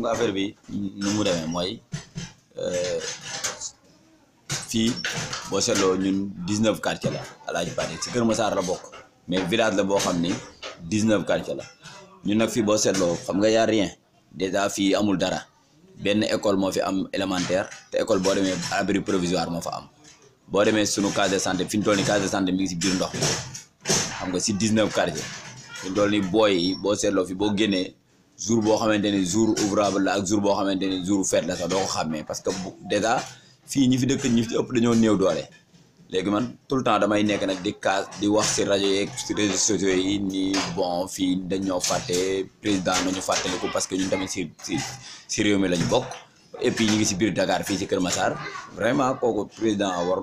xam nga affaire bi nu mu demee mooy euh, fii boo seetloo ñun 19 quartier la Alaaji Paate si Kër Masaar la bokk mais village la boo xam ni 19 quartier la ñun nag fii boo seetloo xam nga yaa rien déjà fii amul dara benn école moo fi am élémentaire te école boo demee abri provisoire moo fa am boo demee sunu case de santé fi ñu toll nii case de santé mi ngi si biir ndox mi xam nga si 19 quartier fi ñu toll nii booy boo seetloo fi boo génnee. jour boo xamante ne jour ouvrable la ak jour boo xamante ne jour fête la sax doo ko xàmmee parce que déjà fii ñi fi dëkk ñi fi ëpp dañoo néew doole léegi man tout le temps damay nekk nag di kaas di wax si rajo yeeg si réseaux sociaux yi nii bon fii dañoo fàtte président nañu fàttaliku parce que ñun tamit si si si réew mi lañu bokk et puis ñu ngi si biir Dakar fii si Kër Massar vraiment kooku président war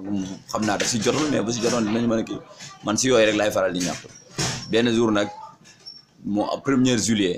xam naa daf si jotul mais bu si jotoon dinañ mën a kii man si yooyu rek lay faral di ñàpp benn jour nag mo premier juillet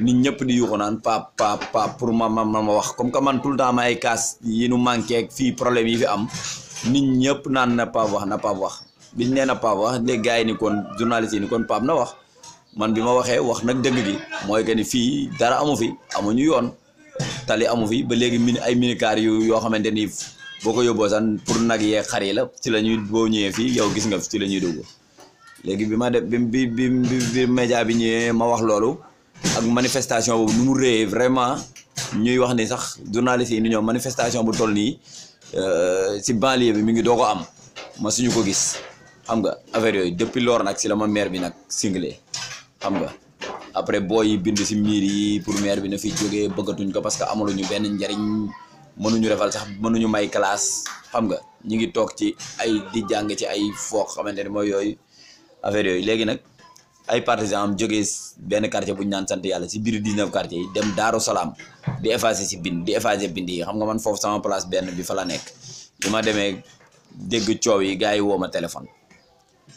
ni ñëpp di yuxu naan papa pa pap pour ma ma ma wax comme que man tout problemi temps ma ay e cas yi ñu manké ak fi problème yi fi am nit ñëpp naan na pa wax na pa wax biñ né na pa wax les gars ni kon journaliste ni kon pap na wax man bima waxé wax nak dëgg gi moy gëni fi dara amu fi amu ñu yoon tali amu fi ba légui min ay minicar yu yo xamanteni boko boo san pour nak ye xari la ci lañuy bo ñëw fi yow gis nga ci lañuy ñuy dugg léegi bima ma bim bi bi bi média bi ñëw ma wax lolu ak manifestation boobu nu mu réyee vraiment ñuy wax ni sax journaliste manifestation bu toll nii euh, si banlieue bi mi ngi doog am ma suñu ko gis xam nga affaire yooyu depuis lors nag si la ma maire bi singlé xam nga après boy yi bind si miir yi pour maire bi na fi jógee bëggatuñ ko parce que amaluñu benn njariñ mënuñu defal sax may classe xam nga ñi ngi ci ay di jàng ci ay foog xamante ne mooy affaire yooyu ay partisans am jóge benn quartier bu ñu naan sant yàlla si biir 19 quartier yi dem Daaru Salaam di effacer si bind di effacer bind yi xam nga man foofu sama place benn bi fa la nekk bi ma demee dégg coow yi gars yi woo ma téléphone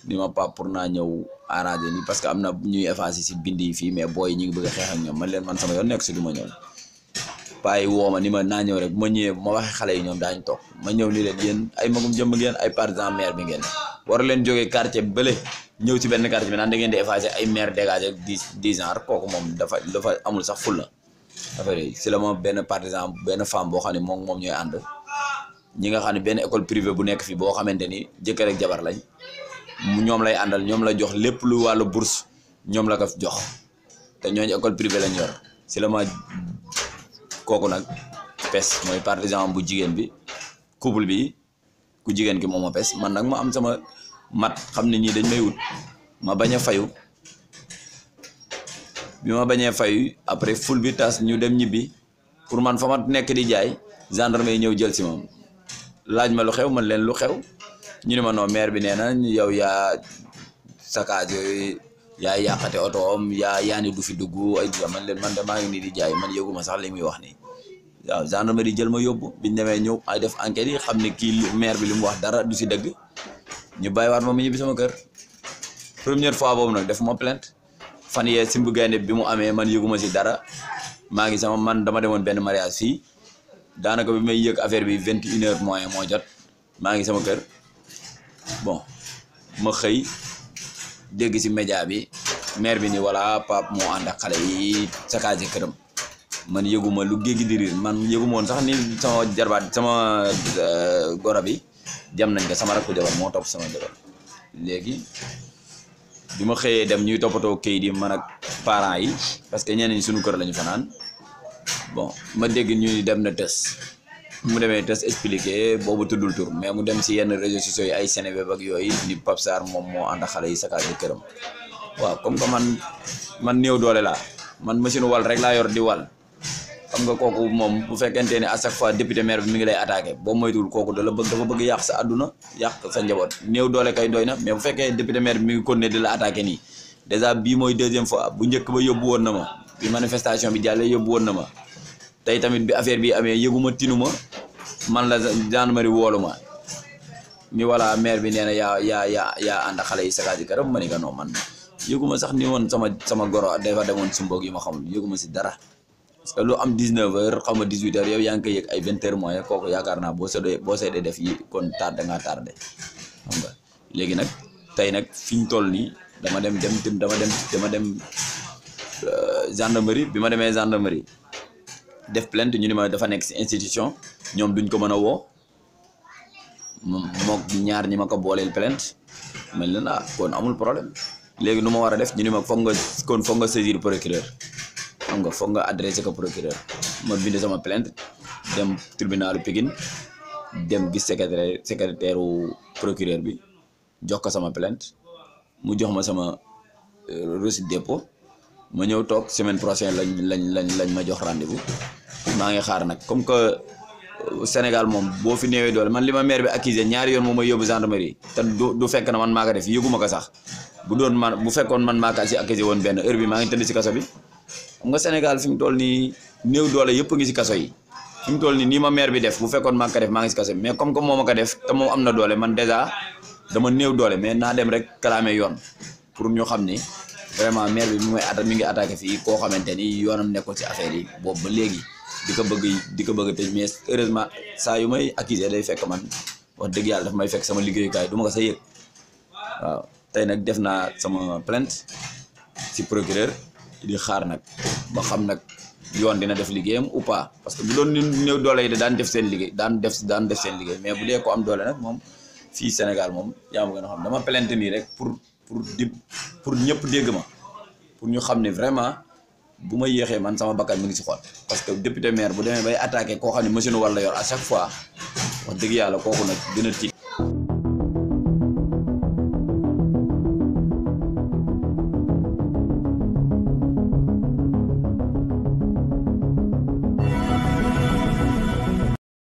ni ma pap pour naa ñëw arranger ni parce que am na ñuy effacer si bind yi fii mais booy ñu ngi bëgg a xeex ñoom man leen man sama yoon nekk si du ma ñëw. pay woma ni ma nyore ma rek ma to ma waxe xale yi ñoom daañ toog ma ñëw ni leen yéen ay magum jëmm ngeen ay partisan maire bi ngeen war leen jógee quartier bële ñëw ci benn quartier bi naan da ngeen di effacer ay maire dégagé dix dix ans kooku mom dafa dafa amul sax ful la affaire yi ben la moom benn ben benn femme mbo xam ne mom moom ñooy ànd ñi nga xam ne benn école privée bu nekk fii boo xamante ni ak jabar lañ ñoom lay andal ñoom la jox lépp lu wàllu bourse ñoom la ko jox te ta école privée lañ yor si la ma koko nak pes mooy partisan bu jigen bi couple bi ku jigen ki moma pes man nak ma am sama mat xamni ni dañ may wut ma baña fayu bi ma bañee fayu après ful bi tas ñu dem ñibi pour man fama nek di jaay gendarme ñew jël ci mom laaj ma lu xew man len lu xew ñu ni ma no maire bi neena yow yaa sakaje yaa auto om yaa ya ni du fi dugg ay dugg man len man dama ngi di jaay man yeguma sax limi wax ni ya gendarmerie jël ma yobbu biñ démé ñew ay def enquête yi xam ki maire bi li wax dara du ci dëgg ñu bàyyiwaat ma mu ñibbi sama kër première fois bobu nak def ma plainte fan ye simbu gayne bi mu amé man yeguma ci dara ma ngi sama man dama démon ben mariage fii danaka bi may yëg affaire bi 21h moins mo jot ma ngi sama kër bon ma xey dégg ci media bi maire bi ni wala pap mo and ak xalé yi ci kërëm man yeguma lu géegi di riir man yegumon sax ni sama jarbaat sama euh, gora bi jam nañ ko sama rakku jabar mo top sama jabar legi bima ma dem ñuy topato kayit di man ak parents yi parce que ñeneen suñu kër lañu fanan bon ma dégg ñuy dem na tës mu demee tes expliqué boobu tuddul tur mais mu dem si yenn réseaux sociaux yi ay Seneweb ak yooyu ni Pape moom moo ànd xale yi sakaaju këram waaw comme que man man néew doole laa man machine wal rek laa yor di wal xam ko kooku moom bu fekkente ne à chaque fois député maire bi mu ngi lay attaqué boo moytuwul kooku da la bëgg dafa bëgg yàq sa àdduna yàq sa njaboot néew doole kay doy na mais bu fekkee député maire bi mi ngi continuer di la attaqué nii dèjà mooy deuxième fois bu njëkk ba yóbbu woon na ma manifestation bi jàllee yóbbu woon na ma tay tamit bi affaire bi amé yeguma tinuma man la gendarmerie woluma ni wala maire bi néna ya ya ya ya and xalé yi sakaati garam ma ga no man yeguma sax ni won sama sama goro demone demoon sumboog yi ma xam yeguma ci dara parce que lu am 19 h xaw 18 h yow yang kay ak ay 20 heures mooy kooku yakarna bo boo bo boo seedee def yi kon tard nga tardé xam nga légui nak tay nak fiñ toll ni dama dem dem dama dem dama dem euh, gendarmerie bi ma gendarmerie def plainte ñu ne ma dafa nekk ci institution ñoom duñ ko mën a woo mook ñaar ñi ma ko booleel plainte mel na ah kon amul problème léegi nu ma war a def ñu ni ma foog nga kon foog nga saisir procureur xam nga foog nga adressé ko procureur ma bind sama plainte dem tribunalu Pikine dem gis secrétaire secrétaire procureur bi jox ko sama plainte mu jox ma sama euh, reçu dépôt ma ñew tok semaine prochaine lañ lañ lañ lañ ma jox rendez-vous ma ngi xaar nak comme que euh, Sénégal mom bo fi newé dool man lima maire bi accusé ñaar yoon moma yobu gendarmerie te du du fekk na man maka def yeguma ko sax bu doon man bu fekkon man maka ci accusé won ben heure bi ma ngi tëdd ci kasso bi xam nga Sénégal fi mu toll nii néew doole yëpp ngi ci kasso yi fi mu toll ni nii ma maire bi def bu fekkon maka def ma ngi ci kasso mais comme que moo def te mom amna doole man déjà dama new doole mais na dem rek kalaame yoon pour ñu xamni vraiment mère bi moy atta mi ngi attaquer fi ko xamanteni yonam yoonam ci affaire yi boobu ba legui diko ko bëgg di ko bëgg tëj mais heureusement sa yu may accuser day fekk man wax deug yalla daf may fekk sama liggéeyukaay kay duma ko sa yek waaw tay nak defna sama plainte ci procureur di xaar nak ba xam nak yoon dina def liggéeyam ou pas parce que bu doon néew doole yi daan def seen liggéey daan def daan def seen liggéey mais bu dé ko am doole nak mom fi senegal mom yaa nga xam dama plainte ni rek pour pour nous pour ñëpp dégg pour ñu xam vraiment bu ma yéexee man sama parce que député maire bu demee attaqué koo xam yor à chaque fois wax dëgg